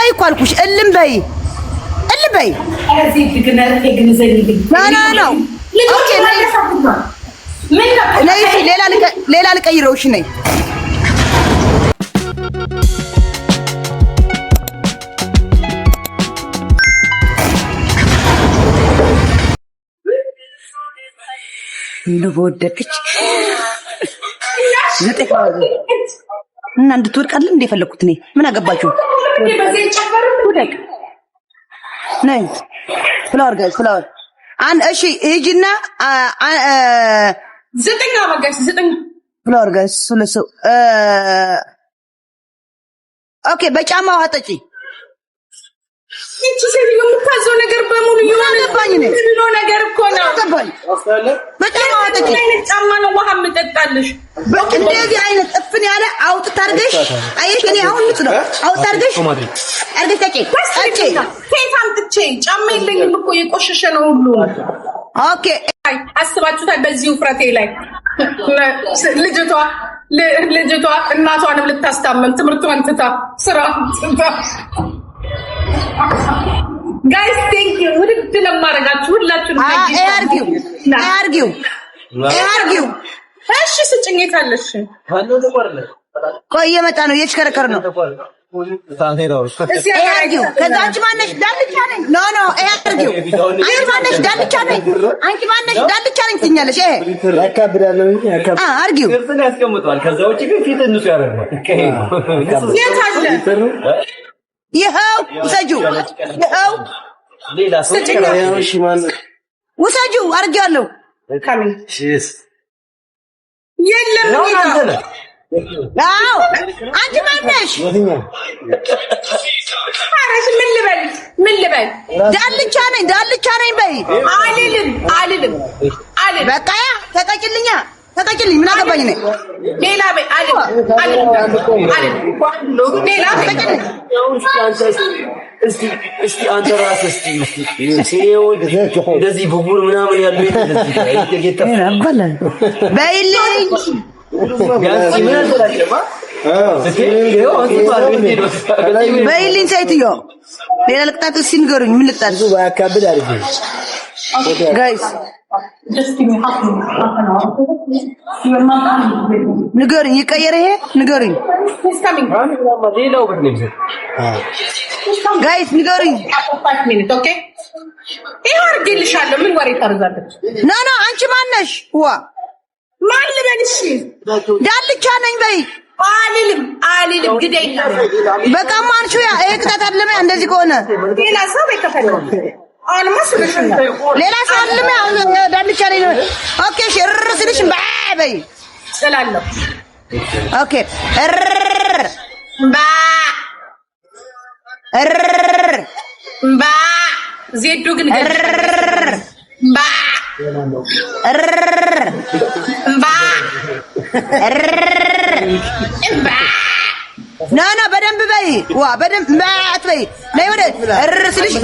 በይ እኮ አልኩሽ። እልም በይ እልም በይ ነው። ሌላ ልቀይረው። እሺ ነይ በወደቀች እና እንድትወድቃለን እንደ የፈለኩት እኔ ምን አገባችሁ? ነይ ፍላወር ጋይስ ፍላወር አን እሺ፣ ሂጂና ዘጠኛ ጋይስ ዘጠኛ ፍላወር ጋይስ ሁለት ሰው ኦኬ፣ በጫማ ውሃ ጠጪ እቺ ሴት የምታዘው ነገር በሙሉ የሆነ ነው ነገር እኮ ነው በጣም አጥቂ አይነት ጫማ ነው ውሃ የምጠጣልሽ። እንደዚህ አይነት ጥፍን ያለ አውጥታ አድርገሽ አየሽ። እኔ አሁን ንጹህ ነው አውጥታ አድርገሽ አድርገሽ ታቂ ታቂ ከየት አምጥቼ ጫማ የለኝም እኮ የቆሸሸ ነው ሁሉ። ኦኬ አስባችሁታል። በዚህ ውፍረቴ ላይ ልጅቷ ልጅቷ እናቷንም ልታስታመም ትምህርቷን ትታ ስራ ትታ ጋይስ ቴንክ ዩ ውድድ ለማድረጋችሁ ሁላችሁንም አርጊው አያርጊው አያርጊው። እሺ ስጭኝ፣ የት አለሽ? ቆይ እየመጣ ነው፣ እየተሽከረከረ ነው። አያርጊው። ማነሽ? ዳልቻ ነኝ። ኖ ኖ አያርጊው። አንቺ ማነሽ? ዳልቻ ነኝ። አንቺ ማነሽ? ዳልቻ ነኝ ትኛለሽ። ah, ያስቀምጠዋል። ከዛ ግን ፊት እንሱ ah, የት አለ ይኸው ውሰጁ፣ ይኸው ውሰጁ አድርጌዋለሁ። የለም አንቺ ማነሽ? አረሽ ምን ልበል ምን ልበል? ዳልቻ ነኝ ዳልቻ ነኝ በይ። አልልም አልልም አልልም። በቃ ያ ተቀጭልኛ ተጠቂልኝ ምን አገባኝ ነ? ሌላ በይ አለ አንተ ራስህ እስቲ እንደዚህ ብጉር ምናምን ያሉ በይልኝ በይልኝ ሴትዮ ሌላ ልቅጣት እስቲ ንገሩኝ ምን ልቅጣት ጋይስ ንገሩኝ፣ ይቀየር። ይሄ ንገሩኝ፣ ጋይስ ንገሩኝ። ይኸው አድርጌልሻለሁ። ምን ወሬ ታርዛለች? ኖ ኖ፣ አንቺ ማነሽ? ዋ ማን ልበልሽ? ዳልቻ ነኝ በይ። አልልም አልልም፣ ግደኝ። በቃ ማንሹ ያ ይሄ ቅጣት አለመ እንደዚህ ከሆነ ሌላ ሰው ሌላ ሰው አለም ዳልቻ ላይ ኦኬ። እሺ እርር ስልሽ በይ ስላለሁ ኦኬ። እርር ባ እርር ባ ዜዶ ግን እርር ባ እርር ባ እርር ባ ና ና በደንብ በይ ዋ በደንብ ባ አትበይ ነይ ወደ እርር ስልሽ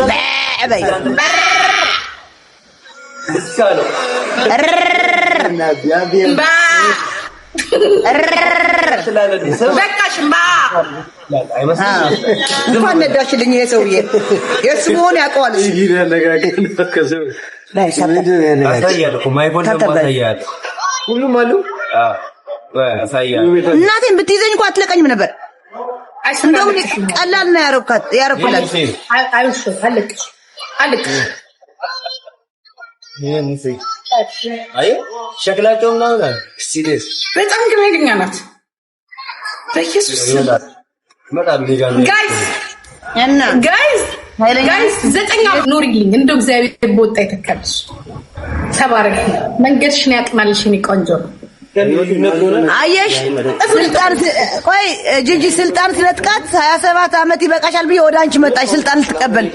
እንኳን ነዳችልኝ። ይሄ ሰውዬ የእሱ መሆን ያውቀዋል። ሁሉም አሉ። እናቴን ብትይዘኝ እንኳ አትለቀኝም ነበር። እንደውም ቀላል ነው ያረኩላት። አልክ አይ በጣም ግመልኛ ናት። በኢየሱስ ጋይስ ጋይስ ጋይስ ኖሪልኝ እንደው እግዚአብሔር ተባረክ። መንገድሽን ያቅናልሽ የእኔ ቆንጆ ነው። አየሽ ስልጣን ቆይ ጂጂ ስልጣን ስለጥቃት ሀያ ሰባት ይበቃሻል ብዬ ወደ አንቺ መጣሽ ስልጣን ልትቀበል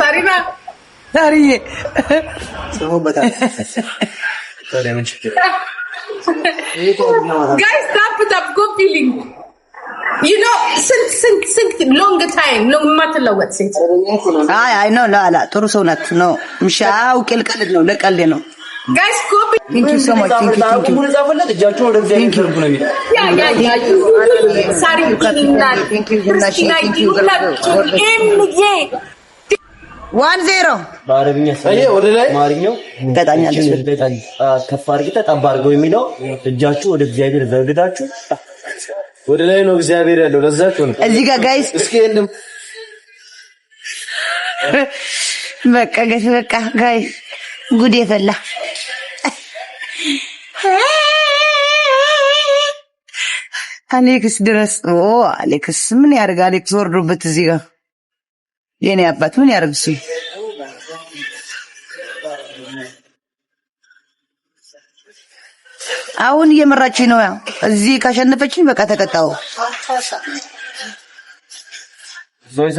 ሳሪና ሳሪዬ ጋይስ ታፕ ታፕ ጎ ፊሊንግ ጥሩ ሰው ናት ነው ምሻ አውቄ ልቀልድ ነው ለቀልድ ነው ጋይስ ኮፒ ዋን ዜሮ ላይ ከፍ አድርጊ ጠብ አድርገው የሚለው እጃችሁ ወደ እግዚአብሔር ዘርግታችሁ ወደ ላይ ነው እግዚአብሔር ያለው ለዛችሁ ነው እዚህ ጋር ጋይስ እስኪ እንደም በቃ ጋይስ በቃ ጋይስ ጉድ የፈላ አሌክስ ድረስ ኦ አሌክስ ምን ያደርግ? አሌክስ ወርዶበት እዚህ ጋር የኔ አባት ምን ያደርግ? እሱ አሁን እየመራችኝ ነው። ያው እዚህ ካሸነፈችኝ በቃ ተቀጣው። ዞይ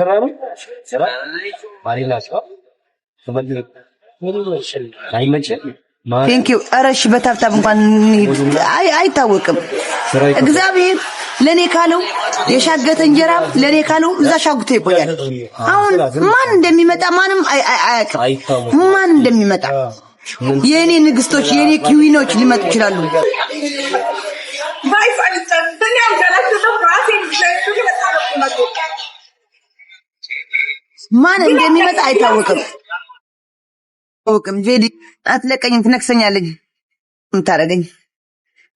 ቴንክ ዩ። ኧረ እሺ በታብታብ እንኳን አይታወቅም። እግዚአብሔር ለኔ ካለው የሻገተ እንጀራ ለኔ ካለው እዛ ሻጉቶ ይቆያል። አሁን ማን እንደሚመጣ ማንም አያውቅም። ማን እንደሚመጣ የእኔ ንግስቶች፣ የእኔ ኪዊኖች ሊመጡ ይችላሉ። ማን እንደሚመጣ አይታወቅም። አላውቅም። ጄዲ አትለቀኝም፣ ትነክሰኛለኝ። የምታደርገኝ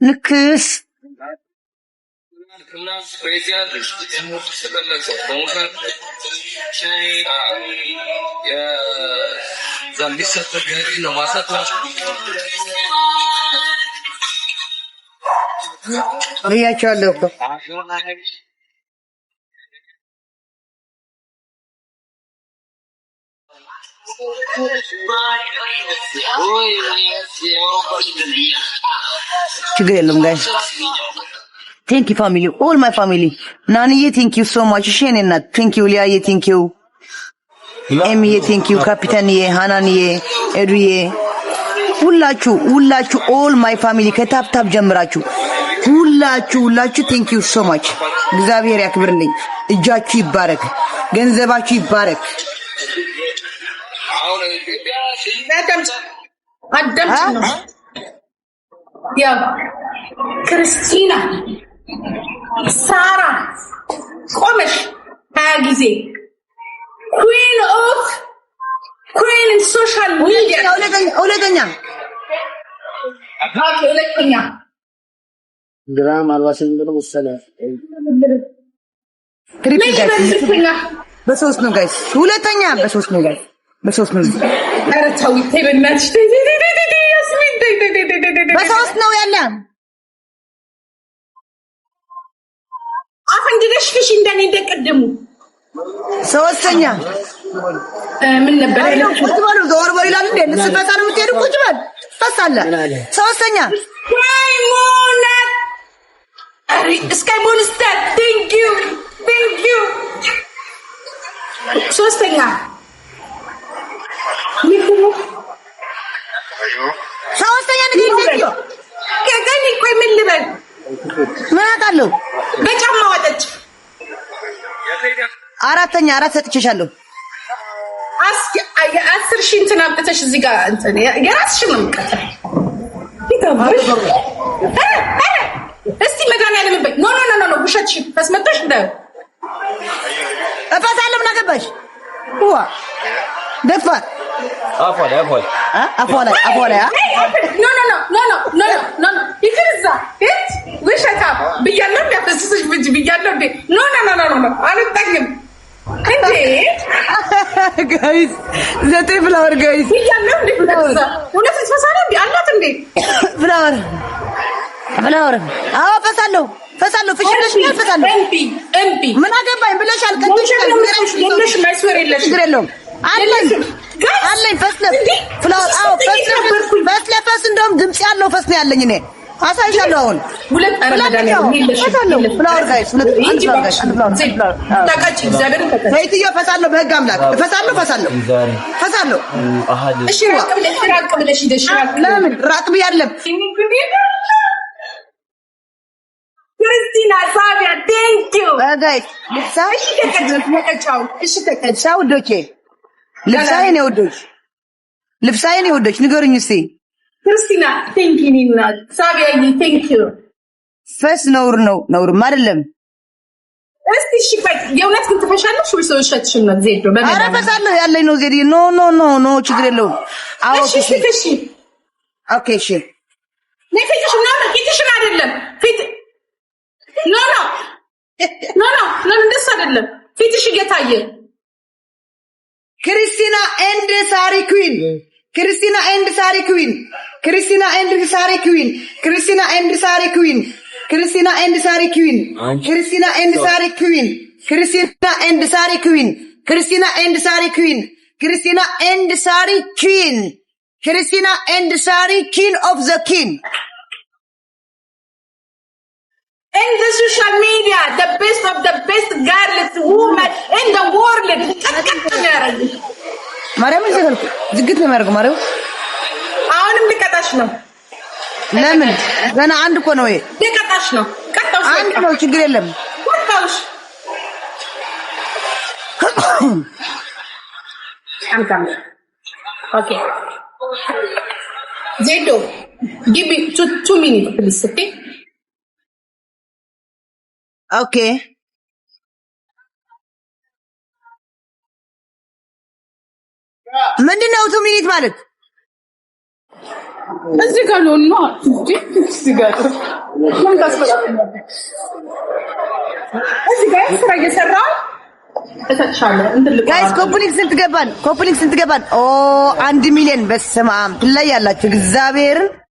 ንክስ ብያቸዋለሁ እኮ ችግር የለም ጋይስ። ቴንክ ዩ ፋሚሊ ኦል ማይ ፋሚሊ ናንዬ ቴንክ ዩ ሶ ማች። እሺ የእኔ እናት ቴንክ ዩ። ሊያዬ ቴንክ ዩ። ኤምዬ ቴንክ ዩ። ካፒታንዬ፣ ሃናንዬ፣ ኤዱዬ ሁላችሁ ሁላችሁ ኦል ማይ ፋሚሊ ከታፕታፕ ጀምራችሁ ሁላችሁ ሁላችሁ ቴንክ ዩ ሶ ማች። እግዚአብሔር ያክብርልኝ። እጃችሁ ይባረክ፣ ገንዘባችሁ ይባረክ። አዳምጪ ነው ክርስቲና ሳራ ቆመሽ ሀያ ጊዜ ኩን ኦፍ ኩን ሶሻል ሚዲያ ሁለተኛ ሁለተኛ ግራም አልባሽን ብሎ ወሰነ በሶስት ነው ጋይስ ሁለተኛ በሶስት ነው ጋይስ በሶስት በሶስት ነው ያለ እንደኔ እንደቀደሙ ሶስተኛ ምን ነበር ቁጭ በሉ በሉ ይላል እንዴ ነው የምትሄዱ ቁጭ በል ፈሳለ ሶስተኛ ሞንስተር ቴንክ ዩ ቴንክ ዩ ሶስተኛ ሶስተኛ ሴትዮ ገገን ምን ልበል? ምን አውቃለሁ። በጫማ ወጠች። አራተኛ አራት ሰጥቼሻለሁ። አስር ሺህ እንትን አምጥተሽ እዚህ ጋር እንትን የራስሽን ነው እስቲ መድኃኒዓለም በይ። ኖ ኖ ኖ ኖ ውሸትሽን ፈስመጥተሽ እንዳይሆን እፈሳለሁ። ምን አገባሽ ዋ ደፋር አፏ ላይ አፏ ላይ አፏ ላይ አፏ ላይ ኖ ኖ ኖ ኖ ኖ ኖ ኖ ኖ ይከዛ እት ወሸካ ብያለሁ ያፈስስሽ ብጅ ብያለሁ እንዴ ኖ ኖ ኖ ኖ ኖ አልጠግም እንዴ ጋይስ ዘጠኝ ፍላወር ጋይስ ብያለሁ እንዴ ፍላወር ሁለት ፈሳለ እንዴ አላት እንዴ ፍላወር ፍላወር አዎ ፈሳለሁ ፈሳለሁ ፍሽለሽ ፈሳለሁ እምቢ ምን አገባኝ ብለሻል ቅድም ሽለሽ መስወር የለሽ ችግር የለውም አለኝ ፈስ ለፈስ እንደውም ድምፅ ያለው ፈስ ነው ያለኝ እኔ አሳይሻለሁ አሁን ሁለት ሴትዮ እፈሳለሁ፣ በህግ አምላክ እፈሳለሁ፣ እፈሳለሁ፣ እፈሳለሁ። እሺ ለምን ራቅ ብያለሁ? ክርስቲና ልብሳዬን የወዶች ልብሳዬን የወዶች ንገሩኝ እስቲ ክርስቲና ሳቢያዬ ፈስ ነውር ነው ነውርም አይደለም እስቲ እሺ የእውነት ግን ትፈሻለሽ ነው ዜዶ ኧረ ያለኝ ነው ኖ ኖ ኖ ኖ ችግር የለውም አዎ እሺ እሺ ኦኬ እሺ ፊትሽ ኖ ኖ አይደለም ፊት ኖ ኖ ኖ ኖ እንደሱ አይደለም ፊትሽ እየታየ Christina and Sari Queen. Christina and Sari Queen. Christina and Sari Queen. Christina and Sari Queen. Christina and Sari Queen. Christina and Sari Queen. Christina and Sari Queen. Christina and Sari Queen. Christina and Sari Queen. Christina and Sari King of the King. in the social media the best of the best girls women in the world ማርያም ዝግት ነው የሚያደርገው ማርያም። አሁንም ልቀጣሽ ነው። ለምን ገና አንድ እኮ ነው። ልቀጣሽ ነው። ቀጣሽ አንድ ነው። ችግር የለም። ቀጣሽ አንካም ኦኬ ዜዶ ጊቭ ቱ 2 minutes please okay Okay. ምንድን ነው ቱ ማለት? እዚህ ጋር ጋይስ ኮፕሊንግ ስንት ገባን? ኮፕሊንግ ስንት ገባን? ኦ አንድ ሚሊዮን በስመ አብ ትለያላችሁ እግዚአብሔርን